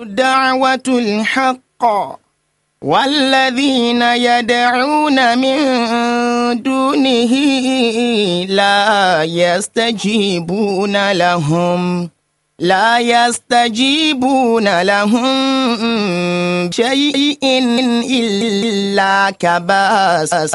دعوة الحق والذين يدعون من دونه لا يستجيبون لهم لا يستجيبون لهم شيء إلا كباسط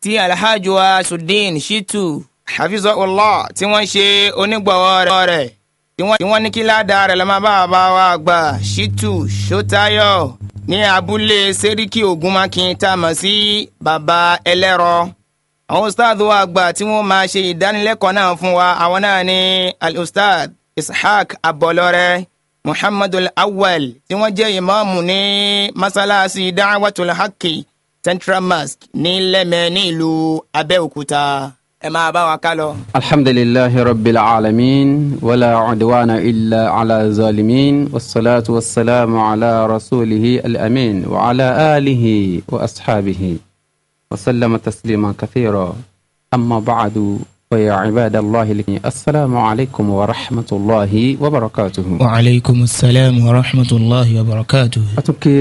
Ti alhaji wa sudin shitu hafizahullah tí wọ́n ṣe onígbọ̀wọ́ rẹ̀ tí wọ́n ní kí ládàá rẹ̀ lọ́mọ bá bá wa gbà shitu sotayo ní abúlé seriki ogunmakin tá a mọ̀ sí baba ẹlẹ́rọ àwọn ustaad wa àgbà tí wọ́n máa ṣe ìdánilẹ́kọ̀ọ́ náà fún wa àwọn náà ni al-ustaad ishaq abọlọrẹ muhammadu awwal tí wọ́n jẹ́ ìmáàmù ní masalasi da'watul haqqi central mosque ní lẹ́mẹ̀ ní ìlú abẹ́òkúta ẹ máa bá wa ká lọ. alhamdulilayi rabbil alamin wala cudwana illa ala zalimin wasalaatu wasalaamu ala rasulihi alamin wa ala alihi wa asxaabihi wasalama tasliima kathiira amma bacdu. ويا عباد الله السلام عليكم ورحمة الله وبركاته وعليكم السلام ورحمة الله وبركاته أتوكي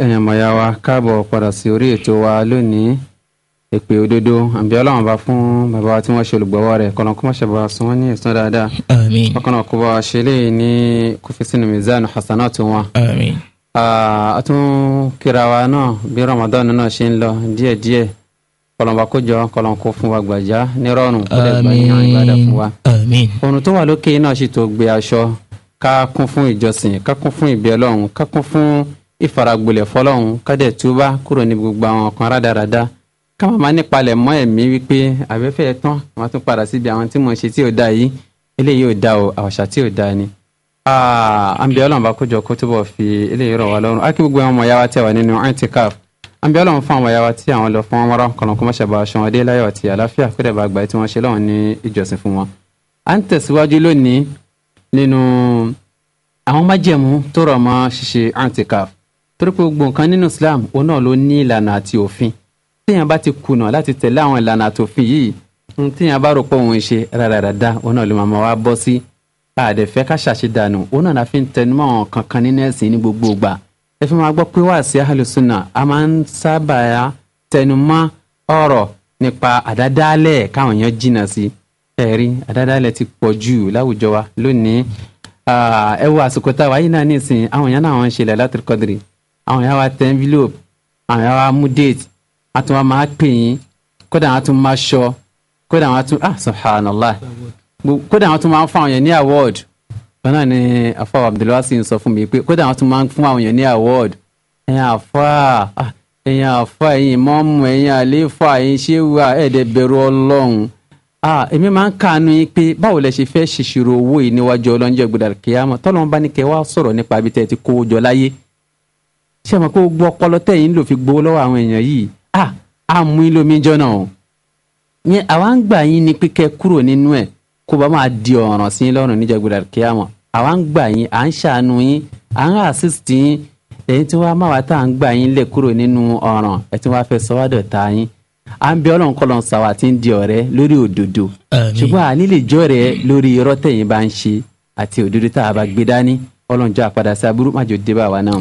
أنا مايا كابو قراسيوري توالوني èpè òdodo àbí ọlọ́run bá fún bàbá wa tí wọ́n ṣe olùgbọ́wọ́ rẹ̀ kọ́nà kó má ṣe bá a sún wọ́n ní ẹ̀sán dáadáa. àmín. bákan náà kó bá a ṣe léyìí ní kó fi sínú mizanu hasanatu wọn. àmín. a tún kíra wa náà bí ramadan náà ṣe ń lọ díẹ̀díẹ̀ kọlọnba ko jọ kọlọn ko fún wa gbaja ní rọ̀rùn kó lè gba yíyan ìbàdàn fún wa. ohun tó wà lókè iná sì tó gbé aṣọ ká kún fún ìjọsìn ká kún fún ìbí Ọlọ́run ká kún fún ìfaragbolẹ̀ fọ́lọ́run ká dẹ̀ túbá kúrò ní gbogbo àwọn kan rádaràda ká má máa nípalẹ̀ mọ́ ẹ̀mí wípé àbẹ́fẹ́ tán àwọn tún padà síbi àwọn tí mo ṣe tí ò da yìí eléyìí ò da o àwàṣà tí ò da ni. àǹbẹ̀ Ọlọ́run bá kójọ kó túbọ̀ fi eléyìí rọ̀ wá lọ́rùn á kí gbogbo àwọn ọmọ yàrá tẹ̀ wá nínú antikaf àbí ọlọ́run fún àwọn ẹ̀yà wa tí àwọn lọ fún wọn wọ́rọ́ kọ̀ọ̀kan mọ́ṣẹ́ bá aṣọ wọn dé láyọ̀ àti àlàáfíà kó dẹ̀ bá àgbáyé tí wọ́n ṣe lọ́wọ́ ní ìjọsìn fún wọn. à ń tẹ̀síwájú lónìí nínú àwọn májẹ̀mú tó rọ̀ mọ́ ṣíṣe antikaf torí pé gbogbo nǹkan nínú Islam òun náà ló ní ìlànà àti òfin téèyàn bá ti kùnà láti tẹ̀lé àwọn ìlànà àti òfin yìí ohun bá rò pé òun ṣe rárára òun òun náà ẹ fi máa gbọ́ pé wáàsí àlùsùnà a máa ń sábà tẹnumọ́ ọ̀rọ̀ nípa àdádálẹ̀ káwọn èèyàn jìnnà sí ẹ̀rí àdádálẹ̀ ti pọ̀ jù láwùjọ wa lónìí ẹ wo àsìkò tá a wáyé náà nísìnyí àwọn èèyàn náà wọ́n ń ṣe Lailatul Qadri àwọn èèyàn wa tẹ envelope àwọn èèyàn wa mú date àtún wa máa pè yín kódà wọn tún máa ṣọ kódà wọn tún ah subhanallah kódà wọn tún máa ń fún àwọn yẹn ní award kan ni afa abdulwasi sọ fún mi pé kódà wọn tún máa ń fún àwọn èèyàn ní award ẹ̀yin afa ah, ẹ̀yin afa ẹ̀yin mọ́mù ẹ̀yin àléfà ẹ̀yin ṣéwà ẹ̀ẹ́dẹ̀ bẹ̀rù ọlọ́run ah, èmi máa ń kàánú yín pé báwo lẹ ṣe fẹ́ ṣìṣirò owó yìí níwájú ọlọ́njọ́ gbọdọ̀ kíámọ̀ tọ́lọ́n bá ní kẹ́ wá sọ̀rọ̀ nípa ibi tẹ́ ẹ ti kó o jọ láyé ṣé mo kó gbọ́ ọpọlọ tẹ̀yìn lò fi gbowó lọ́wọ́ àwọn èèyàn yìí à ah, á mú ilé omi jọ náà yẹn àwa ń gbà yín ni pé kẹ́ kúrò nínú ẹ̀ kó bá máa di ọ̀ràn sí yín lọ́rùn níjàgbéra kíámọ̀ àwa ń gbà yín à ń ṣàánú yín à ń assist yín èyí tí wàá máa tá à ń gbà yín lẹ̀ kúrò nínú ọ̀ràn ẹ̀ tí wàá fẹ́ sọ́wádọ̀ ta yín à ń bẹ ọlọ́run kọ́ lọ́n sàwà tí ń di ọ̀rẹ́ lórí òdodo ṣùgbọ́n àní lè jọ́ rẹ lórí irọ́ tẹ̀yìn bá ń ṣe àti òdodo tá a bá gbé dání ọlọ́run jọ àpàdà sí aburú májò dé bá wa náà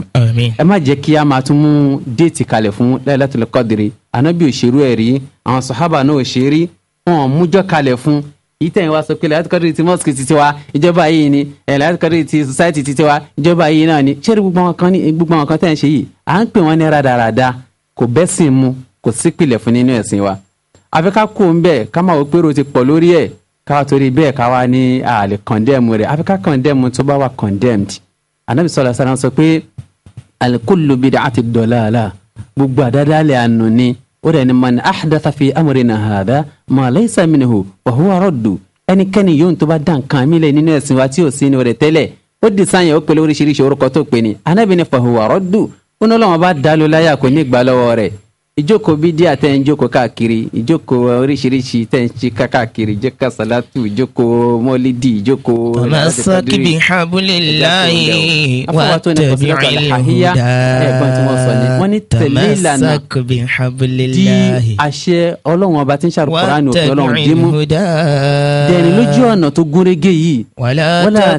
ẹ má jẹ́ kí a máa tún mú déètì kalẹ̀ fún Lailatul Qadri ànábì òṣèrú ẹ̀ rí àwọn sàhábà náà òṣèré wọn ò mújọ́ kalẹ̀ fún ìtẹ̀yìn wa sọ pé lẹ́yìn àtúkọ́dé ti mosque ti tiwa ìjọba yìí ni lẹ́yìn àtúkọ́dé ti society ti tiwa ìjọba yìí náà ni ṣé gbogbo àwọn kan ní gbogbo àwọn kan tẹ̀ ń ṣe yìí à ń pè wọ́n ní rádaràda kò bẹ́sìn mu kò sípìlẹ̀ fún nínú ẹ̀sìn wa àfi ká kó ń bẹ́ẹ̀ ká máa wọ pé ro ti pọ̀ lórí ẹ̀ ká torí bẹ́ẹ̀ ká wá ní àlè condemn rẹ̀ àfi condemn tó bá wà condemned anabi sọlá sọ pé al kullu bid'ati dalala gbogbo àdádálẹ̀ ànú ni ó rẹ̀ ni man ahdatha fi amrina hadha ma laysa minhu wa huwa raddu ẹnikẹ́ni yóò tó bá dá nǹkan mi lẹ̀ nínú ẹ̀sìn wa tí ò sí ní rẹ̀ tẹ́lẹ̀ ó di sáyẹn ó pèlè oríṣiríṣi orúkọ fa huwa raddu ó ní ọlọ́wọ́n bá dá lóláyà kò ní ìgbà ìjókòó bídíà tẹ́ ń jókòó káàkiri ìjókòó oríṣiríṣi tẹ́ ń ṣe káàkiri ìjókòó sàlátù ìjókòó mọ́lídì ìjókòó. ọmọ sọ́kì bíi habulilayi wà tẹ̀bí ìlúdà wọ́n ní tẹ̀lé ìlànà di àṣẹ ọlọ́run ọba tí ń ṣàrò kọ́ránì òfin ọlọ́run dímú dẹ̀rìn lójú ọ̀nà tó gúnrégé yìí wọ́lá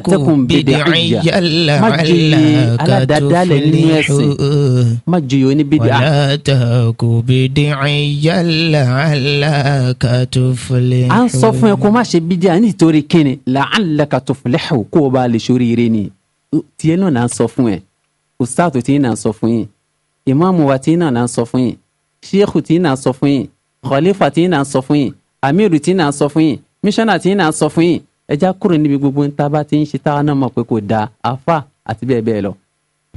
tẹkùn bèdè ìjà má jòyè aládàádálẹ̀ nínú ẹ̀sìn má jòyè oníbèdè بدعيا لعلك تفلح à ń sọ fún ẹ kó má ṣe bídíà nítorí kíni لعلك تفلح kó o bá lè ṣoríire ni tiẹ̀ náà náà sọ fún ẹ ustaatu tí náà sọ fún yín ìmáàmù wa tí náà náà sọ fún yín ṣéèkù tí náà sọ fún yín khalifa tí náà sọ fún yín amiru tí náà sọ fún yín mísọ́nà tí náà sọ fún yín ẹja kúrò níbi gbogbo ń tá bá ti ń ṣe táwọn náà mọ̀ pé kò dáa àáfà àti bẹ́ẹ̀ bẹ́ẹ̀ lọ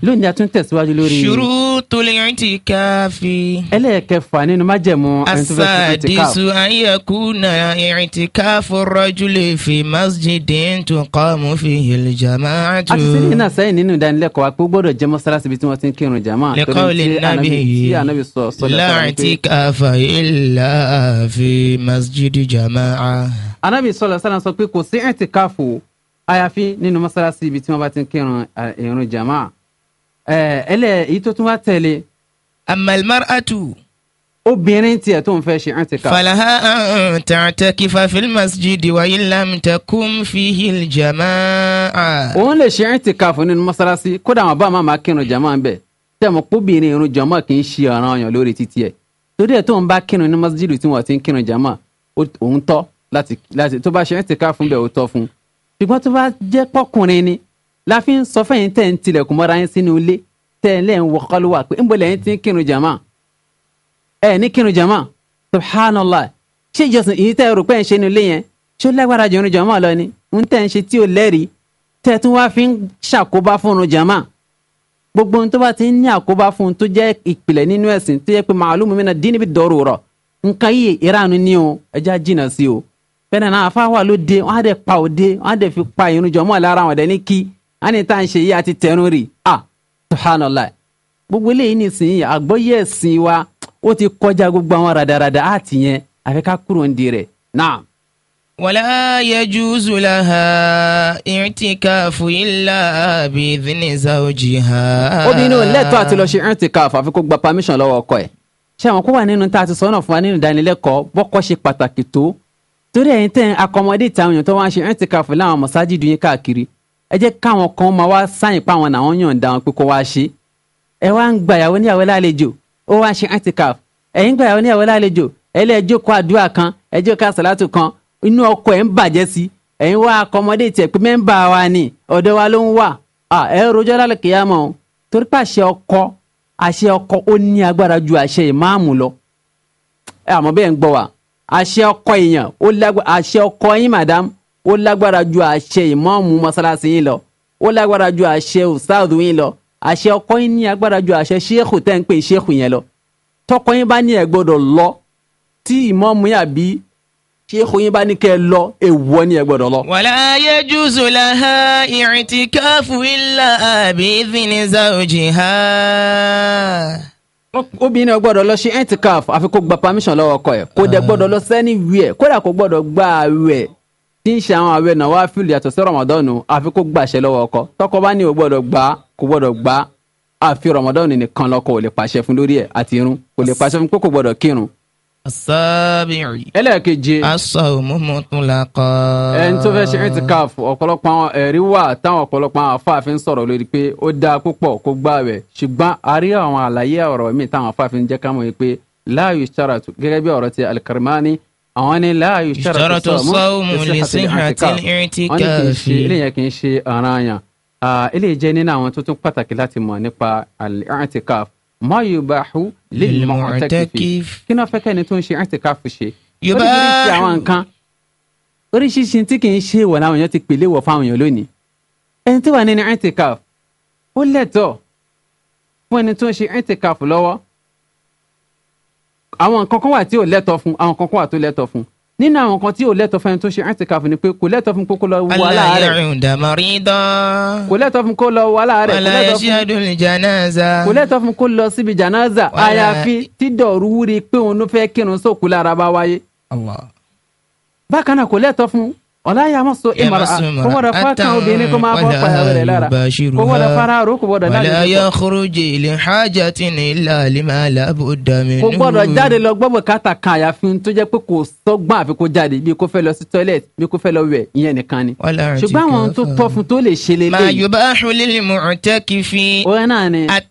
lónìí a tún tẹ̀síwájú lórí. ṣùrù tó lè rìn tí káfí. ẹlẹ́ẹ̀kẹfà nínú májẹ̀mú. asadisu ayakuna rìn tí káfó rọ́jú lè fi masjidin tó kọ́ mú fi hìlì jama jù. a ti sẹ́yìn náà sẹ́yìn nínú ìdánilẹ́kọ̀ọ́ wa pé ó gbọ́dọ̀ jẹ́ mọ́sálásí bí tí wọ́n ti ń kírun jama. lẹ́kọ́ lè nàbí láàrin tí káfà ilà fi masjidi jama. anabi sọlọ sọlọ sọ pé kò sí ẹ̀ǹtì ẹlẹ eh, èyí tó tún wá tẹ̀lé. amal mar'atu. obìnrin tiẹ̀ tó ń fẹ́ ṣe i'tikaf. falaha an ta'takifa fil masjidi wa illam takum fihil jama'a. òun lè ṣe i'tikaf fún nínú mọ́sálásí kódà àwọn bá máa kírun jama ń bẹ̀ tẹ̀mọ̀ kóbìnrin irun jama kì í ṣe ọ̀ràn ọ̀yàn lórí títí ẹ̀ torí ẹ̀ tó ń bá kírun ní masjidi tí wọ́n ti ń kírun jama òun tọ́ láti tó bá ṣe i'tikaf fún bẹ̀ ó tọ́ fún ṣùgbọ́n tó bá jẹ́ pọ́kùnrin ni láfi ń sọ fẹ́yìn tẹ̀ ń tilẹ̀kùn mọ́ra yín sínú ilé tẹ̀ ń lẹ̀ ń wọ kọ́lùwà pé ń bọ̀ lẹ́yìn tí ń kírun jàmá ẹ̀ e, ní kírun jàmá subhanallah ṣé ìjọsìn ìyí tẹ́ rò pé ń ṣe ní ilé yẹn ṣó lágbára jọ̀run jàmá lọ ni ń tẹ̀ ń ṣe tí ò lẹ́rìí tẹ́ tún wá fi ń ṣàkóbá fún jàmá gbogbo ohun tó bá ti ń ní àkóbá fún un tó jẹ́ ìpìlẹ̀ nínú ẹ̀sìn tó jẹ́ pé màálùmù mi náà dín níbi dọ̀rọ̀ rọ̀ nǹkan yìí ìranu ní o ẹja e jìnnà sí o bẹ́ẹ̀ náà afáwà ló dé wọ́n á dẹ̀ pa òde wọ́n á dẹ̀ fi pa ìrun jọ̀mọ́ lára wọn dẹ̀ ní kí a ní tá à ń ṣe yí àti tẹ̀rùn rì a subhanallah gbogbo eléyìí nìsín àgbọ́yé ẹ̀sìn wa ó ti kọjá gbogbo àwọn radarada àti yẹn àfi ká kúrò ń di rẹ̀ náà. ولا يجوز لها اعتكاف إلا بإذن زوجها. obìnrin ò lẹ́tọ̀ọ́ àti lọ ṣe ẹ̀ǹtìkáf àfi kó gba pàmíṣàn lọ́wọ́ ọkọ ẹ̀ ṣé àwọn kó wà nínú tá a ti sọ náà fún wa nínú ìdánilẹ́kọ̀ọ́ bọ́kọ́ ṣe pàtàkì tó torí ẹ̀yin ẹ jẹ́ káwọn kan máa wá sáyìn pa àwọn àwọn yọ̀ǹda wọn pé kó wá ṣe ẹ wá ń gbàyàwó níyàwó lálejò ó wá ń ṣe antikaf ẹ̀yin gbàyàwó níyàwó lálejò ẹlẹ́ẹ̀jọ́ kọ àdúrà kan ẹjọ́ ká sàlátù kan inú ọkọ ẹ̀ ń bàjẹ́ sí ẹ̀yin wá akọmọdé tiẹ̀ pé mẹ́ńbà wa ni ọ̀dọ̀ wa ló ń wà ẹ rojọ́ lálẹ́ kìyàmọ́ o torí pé àṣẹ ọkọ àṣẹ ọkọ ó ní agbára ju àṣẹ ìmáàmù lọ ẹ àmọ́ bẹ́ẹ̀ ń gbọ́ wa àṣẹ ọkọ èèyàn ó lágbára àṣẹ ọkọ yín màdám ó lágbára ju àṣẹ ìmáàmù mọ́sálásí yín lọ ó lágbára ju àṣẹ ustaadu yín lọ àṣẹ ọkọ yín ní agbára ju àṣẹ ṣéèkù tẹ́ ń pè ṣéèkù yẹn lọ tọkọ yín bá ní ẹ gbọ́dọ̀ lọ tí ìmáàmù yà bí ṣéèkù yín bá ní kẹ́ ẹ lọ èèwọ̀ ni ẹ gbọ́dọ̀ lọ. wàlá yajuzu laha i'tikafu illa bi'izni zawjiha. obìnrin náà gbọ́dọ̀ lọ ṣe i'tikaf àfi kó gba permission lọ́wọ́ ọkọ ẹ̀ kó dẹ̀ gbọ́dọ̀ lọ sẹ́ni wíẹ̀ kódà kó gbọ́dọ̀ gbà wẹ̀ tí ń ṣe àwọn àwẹ̀ náà wá fìlì yàtọ̀ sí rọmọdọ́nù àfi kó gbàṣẹ lọ́wọ́ ọkọ tọkọ bá ní o gbọ́dọ̀ gbà kò gbọ́dọ̀ gbà àfi rọmọdọ́nù nìkan lọ́kọ ò lè pàṣẹ fún lórí ẹ̀ àti irun kò lè pàṣẹ fún pé kò kírun. asábìrì. ẹlẹ́ẹ̀keje. aṣọ òmùmù la kọ́. ẹni tó fẹ́ ṣe itikaf ọ̀pọ̀lọpọ̀ àwọn ẹ̀rí wà táwọn ọ̀pọ̀lọpọ̀ àwọn afáàfin sọ̀rọ̀ lórí àwọn ni la yushtara tó sọ́wọ́mù lè sin àti ìrìntì káfí. ilé yẹn kì í ṣe ọ̀ranyàn ilé jẹ́ nínú àwọn tó tún pàtàkì láti mọ̀ nípa al-i'tikaf ma yubahu lil mu'takif kí ni wọ́n fẹ́ kẹ́ni tó ń ṣe i'tikaf ṣe. yorùbá oríṣiríṣi àwọn nǹkan oríṣiríṣi tí kì í ṣe wọ̀ làwọn èèyàn ti pèlè wọ̀ fáwọn èèyàn lónìí ẹni tó wà nínú i'tikaf ó lẹ́tọ̀ọ́ fún ẹni tó ń àwọn nǹkan kan wà tí ò lẹ́tọ̀ fún àwọn nǹkan kan wà tó lẹ́tọ̀ fún nínú àwọn nǹkan tí ò lẹ́tọ̀ fún ẹni tó ṣe i'tikaf ni pé kò lẹ́tọ̀ fún kó lọ wọ aláàárẹ̀ kò lẹ́tọ̀ fún kó lọ wọ aláàárẹ̀ kò lẹ́tọ̀ fún kó lọ síbi jànáza àyàfi tí dọ̀rú pé òun ló fẹ́ kírun sókú bá wáyé bákan náà kò lẹ́tọ̀ fún wala ya masu imara kuma da fatan obìnrin kuma bọ́ pàyàwẹ̀rẹ̀ lára kuma da fara roko gbọ́dọ̀ láti wala ya khuruji li hajatin illa lima la budda minhu. kò gbọ́dọ̀ jáde lọ gbọ́ bùkátà kan àyàfi tó jẹ́ pé kò sọ́gbọ́n àfi kó jáde bí kò fẹ́ lọ sí toilet bí kò fẹ́ lọ wẹ̀ ìyẹn nìkan ni. ṣùgbọ́n àwọn tó tọ́ fún tó lè ṣe lélẹ̀. ma yubahu lil mu'takifi. o yẹn náà ni. at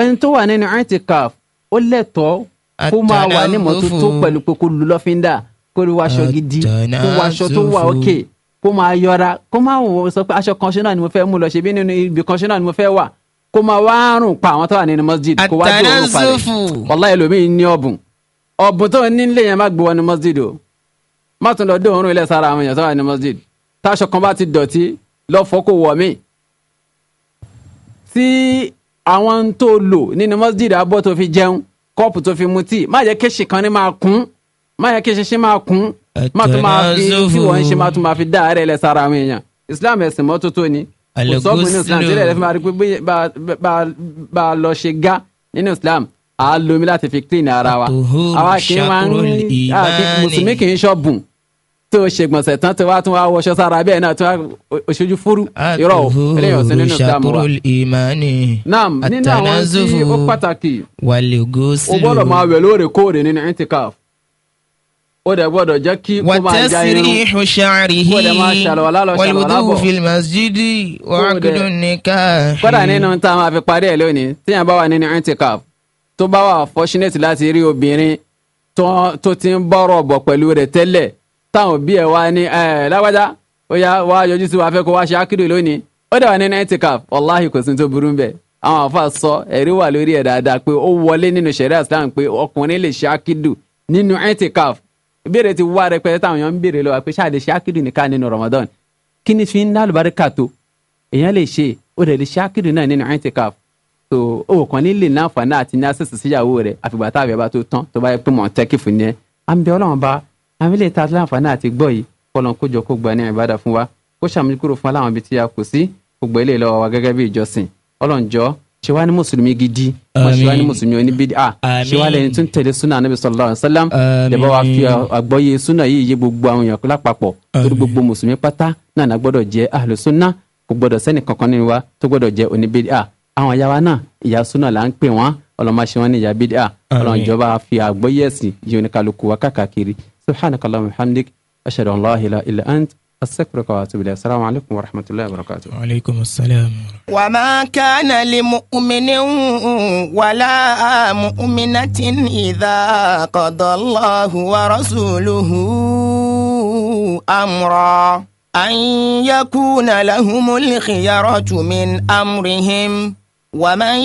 ọyìn tó wà nínú i'tikaf ó lẹ́tọ̀ọ́ kó máa wà ní mọ́tótó pẹ̀lú pé kó lu lọ́fíńdà kó rí wáṣọ gidi kó wáṣọ tó wà òkè kó máa yọra kó máa wọ sọ pé aṣọ kan ṣe náà ni mo fẹ́ mú lọ ṣe bí nínú ibi kan ṣe náà ni mo fẹ́ wà kó máa wá rùn pa àwọn tó wà nínú masjid kó wá dé òun falẹ̀ wàláhì ẹlòmíì ní ọ̀bùn ọ̀bùn tó ní nílé yẹn má gbé wọn ní masjid o má tún lọ dé òórùn ilẹ̀ sára àwọn èèyàn tó wà ní masjid táṣọ kan bá ti dọ̀tí lọ fọ̀ kó wọ̀ míì tí àwọn tó lò nínú masjid abọ́ tó fi jẹun kọ́ọ̀pù tó fi mu tíì má jẹ́ kéṣì kan ní máa kún má yẹ kí ṣẹṣẹ máa kún má tún máa fi tí wọ́n ń ṣe má tún máa fi dá àárẹ̀ lẹ sára àwọn èèyàn islam ẹ̀sìn mọ́tótó ni kò sọ́gun ní islam tí ẹ̀rẹ́ fi máa rí pé bá a lọ ṣe gá nínú islam a lomi láti fi clean ara wa àwa kì í máa ń àti mùsùlùmí kì í ṣọ́bùn tó ṣe gbọ̀nsẹ̀ tán tó wá tún wá wọṣọ sára bẹ́ẹ̀ náà tó wá oṣooju fúru irọ́ o eléyìí ọ̀sẹ̀ nínú islam wa. naam nínú àwọn tí ó pàtàkì o máa wẹ̀ lóòrèkóòrè nínú intikaf ó dẹ̀ gbọ́dọ̀ jẹ́ kí kó máa ja irun wàtẹ́sírì ṣàrìhì wàlúdú fìlmàsídì wàkúndù nìkan. kódà nínú tá a máa fi parí ẹ̀ lónìí tíyàn bá wà nínú intikaf tó bá wà fortunate láti rí obìnrin tó ti ń bọ̀rọ̀ bọ̀ pẹ̀lú rẹ̀ tẹ́lẹ̀ táwọn òbí ẹ̀ wá ní lágbájá ó yá wá yọjú sí wa fẹ́ kó wá ṣe ákìrì lónìí ó dẹ̀ wà nínú intikaf wàláhì kò sí tó burú bẹ́ẹ̀ àwọn àfa sọ ẹ̀rí wà lórí ẹ̀ dáadáa pé ó wọlé nínú ṣẹ̀ríà Islam pé ọkùnrin lè ṣe ákìdù nínú intikaf ìbéèrè ti wá rẹpẹtẹ táwọn èèyàn ń béèrè lọ pé ṣáà lè ṣe ákìrì nìkan nínú Ramadan kí ni fi ń ná àlùbáríkà tó èèyàn lè ṣe ó dẹ̀ lè ṣe ákìrì náà nínú intikaf tó o kàn ní lè ní àǹfààní àti ní àṣẹṣe síyàwó rẹ àfìgbà táàbí ọba tó tán tó bá yẹ pé mọ̀ ń tẹ́kì fún yẹn à ń bẹ ọlọ́run bá àwọn ilé ìta láǹfààní àti gbọ́ yìí kọlọ́n wa kó ṣàmójúkúrò fún ṣe wá ní mùsùlùmí gidi ṣe wá ní mùsùlùmí oníbídí à ṣe wá lẹni tó ń tẹ̀lé súnà anábì sallallahu alaihi wasallam lẹ́bọ̀ wá fi àgbọ́yé súnà yìí yé gbogbo àwọn èèyàn lápapọ̀ torí gbogbo mùsùlùmí pátá náà náà gbọ́dọ̀ jẹ́ ahlu súnà kò gbọ́dọ̀ sẹ́ni kankan nínú wa tó gbọ́dọ̀ jẹ́ oníbídí à ah, àwọn ìyá wa náà ìyá súnà là ń pè wọ́n ọlọ́mọṣẹ́ wọn ní ìyá bídí à ah, ọlọ́run fi àgbọ́yé ẹ̀sìn yìí oníkálukú wa káàkiri subhanakallahumma wa bihamdik ashhadu an la ilaha illa ant أستغفرك وأتوب إليه السلام عليكم ورحمة الله وبركاته وعليكم السلام وما كان لمؤمن ولا مؤمنة إذا قضى الله ورسوله أمرا أن يكون لهم الخيرة من أمرهم ومن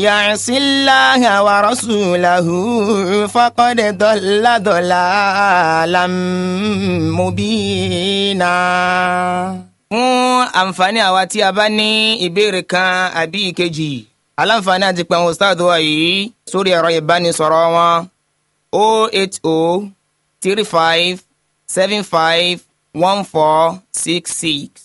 يعص الله ورسوله فقد ضل ضلالا مبينا fún àǹfààní àwa tí a bá ní ìbéèrè kan àbí ìkejì aláǹfààní àti pẹ̀hún ustaad wa yìí sórí ẹ̀rọ ìbánisọ̀rọ̀ wọn o oh eight o oh three five seven five one four six six.